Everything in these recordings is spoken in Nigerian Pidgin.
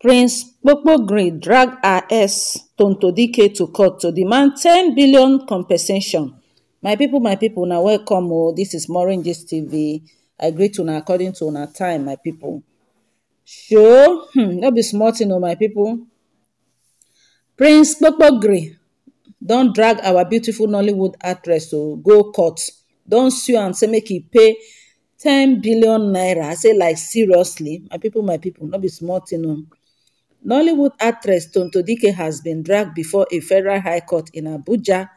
prince Popo kpokpogrin drag her ex Tonto-Dikeh to court to demand 10 billion compensation my people my people una welcome Oh, this is Maureen Gist TV i greet una according to our time my people sure hmm, no be small thing o oh, my people prince Popo kpokpogrin don't drag our beautiful Nollywood actress to oh, go court Don't sue and say make you pay 10 billion naira i say like seriously my people my people not be small thing o. Oh. Nollywood actress Tonto Dike has been dragged before a federal high court in Abuja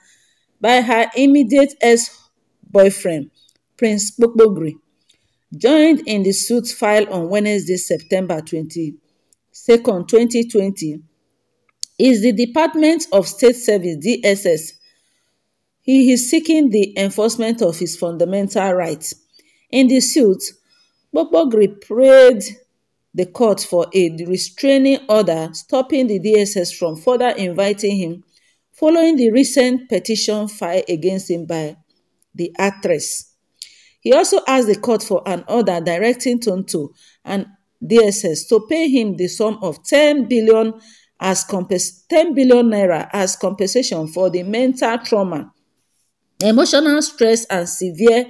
by her immediate ex-boyfriend, Prince Gbogbogri, joined in the suit filed on Wednesday, September 22, 2020, is the Department of State Service, DSS. He is seeking the enforcement of his fundamental rights. In the suit, Gbogbogri prayed the court for a restraining order stopping the DSS from further inviting him following the recent petition filed against him by the actress. He also asked the court for an order directing Tonto and DSS to pay him the sum of 10 billion as 10 billion naira as compensation for the mental trauma, emotional stress and severe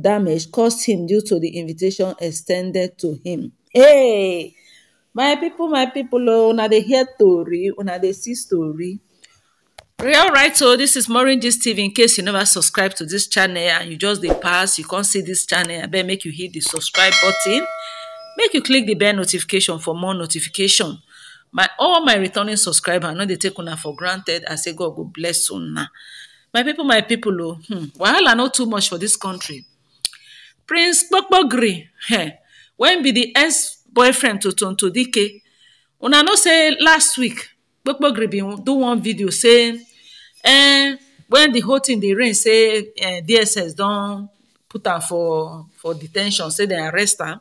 damage caused him due to the invitation extended to him. Hey, my people, my people, oh, una they hear story, una they see story. Real right, so this is Maureen G. TV. In case you never subscribe to this channel and you just dey pass, you can't see this channel, I better make you hit the subscribe button. Make you click the bell notification for more notification. My all my returning subscribers, I know they take una for granted. I say God go bless una. My people, my people, oh, hmm, I know too much for this country. Prince Gbogbo Gree, hey, wen be di ex boyfriend to tonto dike una know say last week kpokpogiri bin do one video say eh, wen di whole thing dey rain say eh, dss don put am for for detention say dem arrest am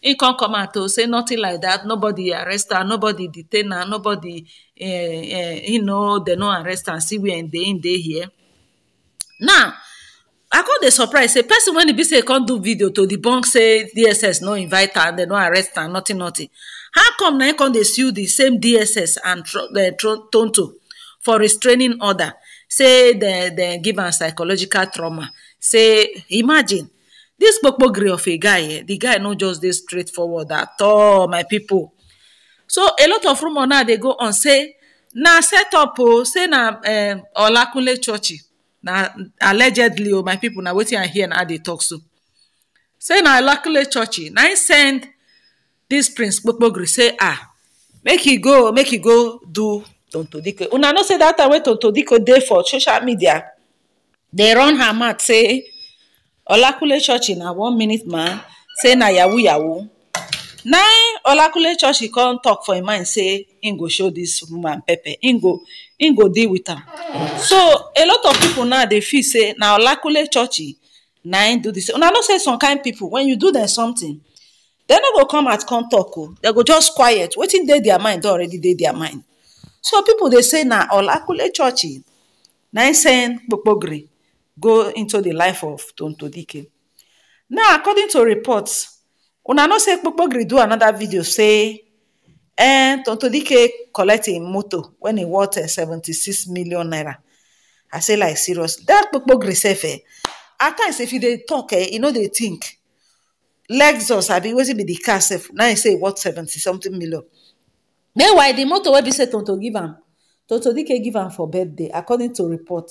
he come come out to say nothing like that nobody arrest her nobody detain her nobody uh, uh, you know they no arrest her see where they in dey here now dey surprise say person when e be say e come do video to debunk say dss no invite her and dem no arrest her nothing nothing how come na him e come dey sue the same dss and eh, tonto for restraining order say dem give am psychological trauma say imagine this kpokpogiri of a guy eh di guy no just dey straightforward at all my people. so a lot of rumour now dey go on say na set up o say na eh, olakunle church na allegedly o oh, my people na wetin i hear na i dey talk so say na alakule church na im send dis prince kpokpogri say ah make he go make he go do tontodiko una know say dat time wey tontodiko dey for social media dey run her mouth say olakule church na one minute man say na yahoo yahoo na olakule church come talk for im mind say im go show dis woman pepper im go im go deal with am so a lot of people now dey feel say na olakule churchy, na im do this una know say some kind people when you do them something dem no go come at come talk o oh. dem go just quiet wetin dey their mind don already dey their mind so people dey say na olakule churchy, na im send kpokpogre go into the life of tonto dike now according to reports una know say kpokpogre do another video say um eh, tontodike collect im moto wen e worth eh, seventy-six million naira i say like serious dat kpokpogre sef eh at times if you dey talk eh e no dey think lexus abi wetin be di car sef now e say e worth seventy something million meanwhile di moto wey be say tonto give am tonto dike give am for birthday according to report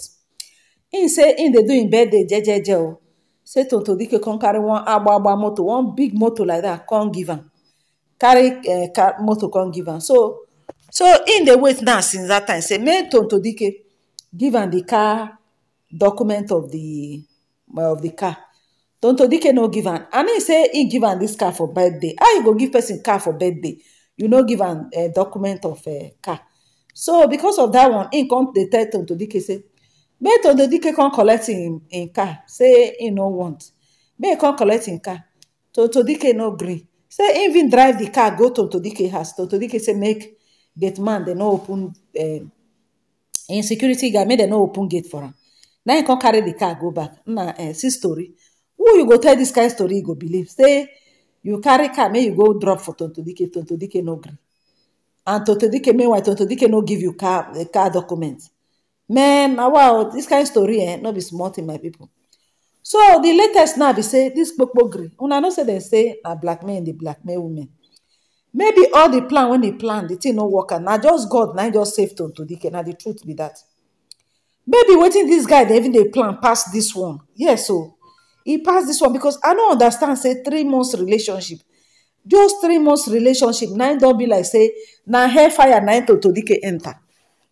im say im dey do im birthday jejeje o oh. say tonto dike come carry one agbagba moto one big moto like dat come give am carry eh, motor come give am so so im dey wait now since that time say make tonto dike give am di car document of the of the car tonto dike no give am and im say im give am dis car for birthday how you go give person car for birthday you no give am eh, document of eh, car so because of that one im come dey tell tonto dike say make tonto dike come collect im car say im no want make im come collect im car tonto dike no gree say him even drive di car go to dike house tonton dike say make man dem no open eh, im security guy make dem no open gate for am na him come carry di car go back eh, see story who you go tell dis kain story you go believe say you carry car make you go drop for tontodike tontodike no gree and tontodike meanwhile main why no give you car eh, car documents men na wow o dis kind story no be small thing my pipo. so the latest now be say this dis kpokpogri una know say dem say na the black men women maybe all the plan when e plan the thing no work and now just god now just saved save tonto dike Now the truth be that maybe waiting this guy they even dey plan pass this one yes so he passed this one because i no understand say three months relationship just three months relationship na don't be like say now hair fire na to tonto dike enter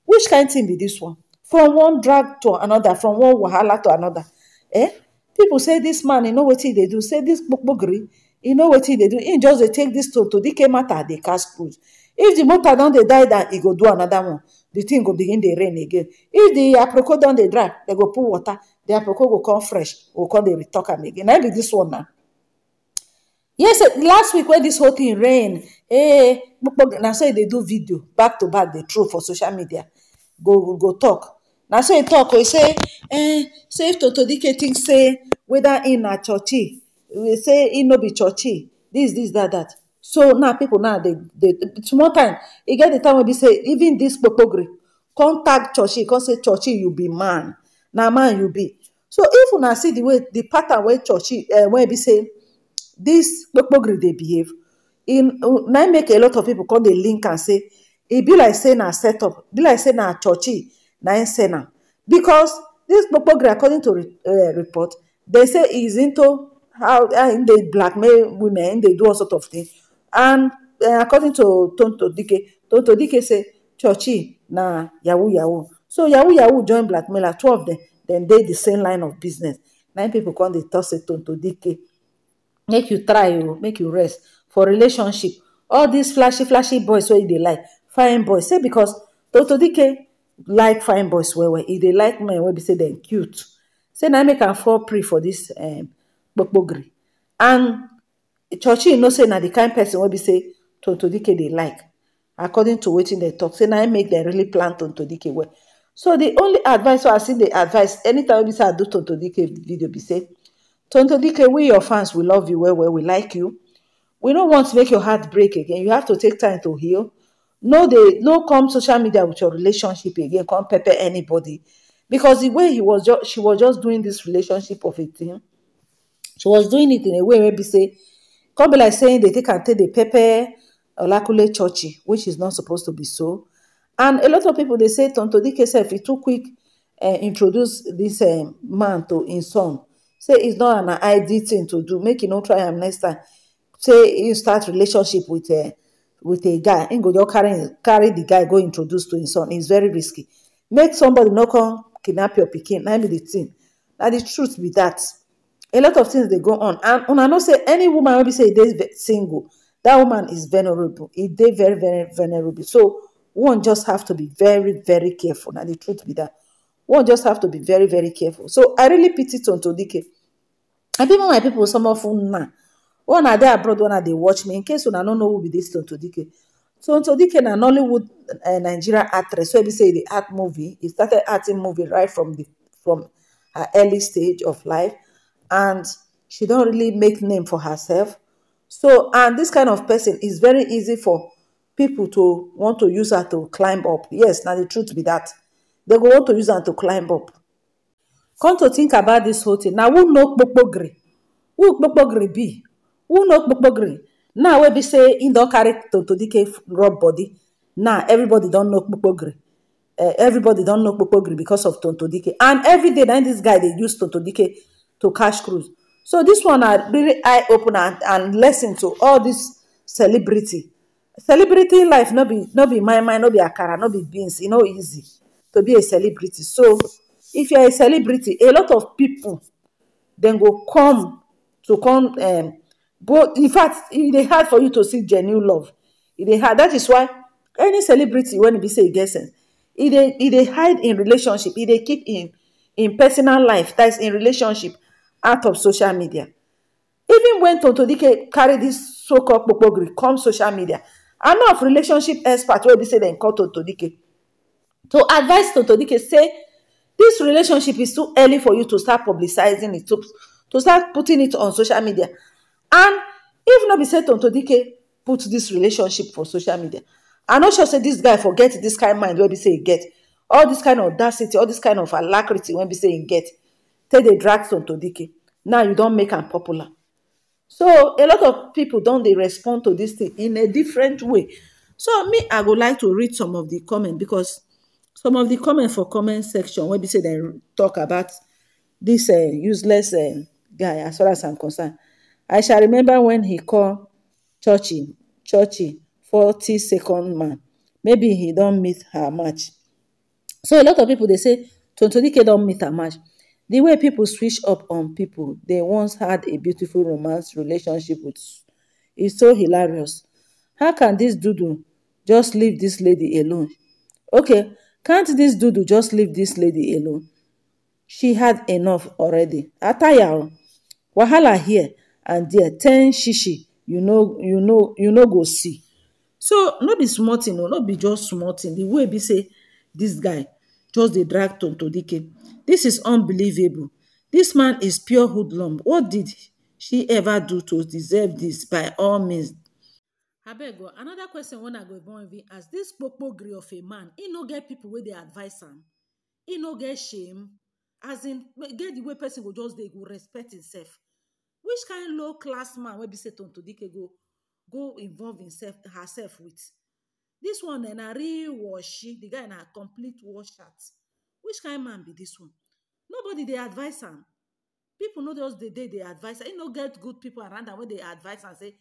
which kind thing be this one from one drag to another from one wahala to another eh pipo say dis man e know wetin e dey do say dis kpokpogri e know wetin e dey do e just dey take dis to to decay matter dey cast food if di motor don dey die down e go do another one di thing go begin dey rain again if di apricot don dey dry dem go put water di apricot go come fresh go come dey retalk am again na be dis one na. yes last week when this whole thing rain eh kpokpogri na say he dey do video back to back the throw for social media go go talk. na so e talk o e say eh say if to think say whether im na chochimay say im no be churchy dis dis dat dat so now people now dey small time e get di time wey be say even dis popogre gree tag chochi come say chochi you be man na man you be so if una see di way di pattern wey chochi eh, wey be say dis popogre gree dey behave e na im make a lot of pipo come dey link am say e be like say na set up be like say na chochi. Nine Sena. Because this book according to uh, report, they say he's into how uh, black blackmail women, they do all sort of things. And uh, according to Tonto Dike, Tonto Dike say, Churchy, na Yahoo Yahoo. So Yahoo Yahoo join blackmailer, two of them, then they the same line of business. Nine people come, they toss it Tonto Dike. Make you try, oh, make you rest for relationship. All these flashy, flashy boys, what they like, fine boys. Say because Tonto Dike like fine boys well well If they like men wey be say they're cute say I make a fall pre for dis bokbogri. Um, and churchy know say that the kind person will be say tontodike they like according to wetin dem talk say I make them really plant plan tontodike well so the only advice so i see the advice. anytime we be say i do tontodike video be say tontodike we your fans we love you well well we like you we don't want to make your heart break again you have to take time to heal no they no come social media with your relationship again come pepper anybody because the way he was just she was just doing this relationship of a thing she was doing it in a way maybe say come be like saying they take and take the pepper olakule churchy which is not supposed to be so and a lot of people they say tonto dike self he too quick uh, introduce this um, man to in son say it's not an id thing to do make you not try him next time say you start relationship with. Uh, with a guy him go just carry carry the guy go introduce to him son It's very risky make somebody knock on, kidnap your pikin na be the thing That the truth be that a lot of things they go on and I know say any woman wey be say they single that woman is vulnerable e dey very very vulnerable so one just have to be very very careful Now the truth be that one just have to be very very careful so i really pity tonto dike I even my people some of them now one una dey abroad una dey watch me in case you don't know who be dis tontodike tontodike na nollywood eh, nigeria actress wey be say the art movie he started acting movie right from from her early stage of life and she don't really make name for herself so and this kind of person is very easy for people to want to use her to climb up yes now the truth be that. They go want to use her to climb up come to think about this whole thing na who know kpokpogiri who kpokpogiri be who unu okpokpogiri now we be say im don carry Dike rub body now everybody don't know okpokpogiri eh, everybody don't know okpokpogiri because of Tonto Dike. and everyday then this guy they use Tonto Dike to cash cruise so this one are really eye opener and lesson to all this celebrity celebrity life no be no be my mind no be akara no be beans You know easy to be a celebrity so if you are a celebrity a lot of people then go come to come um, go in fact e dey hard for you to see genuine love e dey hard that is why any celebrity when e be say e get sense e dey hide in relationship e dey keep in in personal life that is in relationship out of social media even when tonto dike carry this so called kpokpogri come social media I know of relationship expert wey be say dem call tonto dike to advise tonto dike say this relationship is too early for you to start publicizing it to to start putting it on social media and if no be say tonto dike put this relationship for social media I'm not sure say this guy forget this kind mind wey be say e get all this kind of audacity all this kind of alacrity when be say e get take dey drag tonto dike now you don't make am popular so a lot of people don't they respond to this thing in a different way so me i would like to read some of the comment because some of the comment for comment section wey be say they talk about dis eh, useless eh, guy as far as i'm concerned I shall remember when he called Churchy Churchy forty second man. Maybe he don't meet her much. So a lot of people they say Tontonike don't meet her much. The way people switch up on people they once had a beautiful romance relationship with is so hilarious. How can this dudu just leave this lady alone? Okay, can't this dudu just leave this lady alone? She had enough already. Ataya wahala here. and there ten shishi you know, you know, you know, go see so not be smart thing o not be just smart in the way be say this guy just the drag to deke. this is unbelievable this man is pure hoodlum what did she ever do to deserve this by all means beg you, oh, another question When i go even even as this popo gree of a man he no get people where they advise him. He no get shame as in get the way person will just they go respect himself which kind low class man wey be say tonto dike go go involve himself herself with this one na real washi the guy na complete washout which kind man be this one nobody dey advise am people no just dey dey dey advise am e no get good people around am wey dey advise am say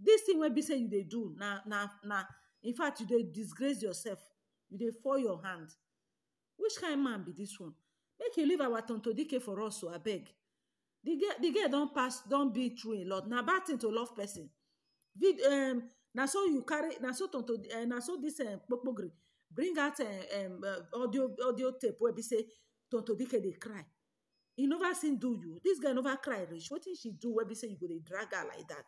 this thing wey be say you dey do na na na in fact you dey disgrace yourself you dey fall your hand which kind man be this one make you leave our tonto dike for us o abeg the girl the girl don pass don be true, a lot na bad thing to love person vid um, na so you carry na so tonto uh, eh, na so this um, eh, kpokpogiri bring out um, um, uh, audio audio tape wey be say tonto dike dey cry e never seen do you this girl never cry reach wetin she do wey be say you go dey drag her like that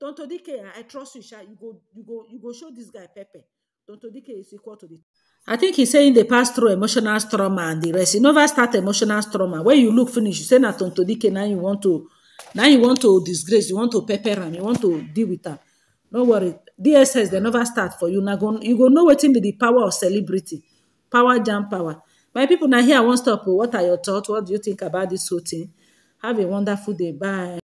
tonto dike i trust you sha you go you go you go show this guy pepper Dr. Dike is equal to the. I think he's saying they pass through emotional trauma and the rest. You never start emotional trauma. When you look finish, you say na Tonto Dike, now you want to now you want to disgrace, you want to pepper and you want to deal with am. No worry. DSS, they never start for you. Now you go know wetin be the power of celebrity. Power jam power. My people, now here I won't stop. What are your thoughts? What do you think about this whole thing? Have a wonderful day. Bye.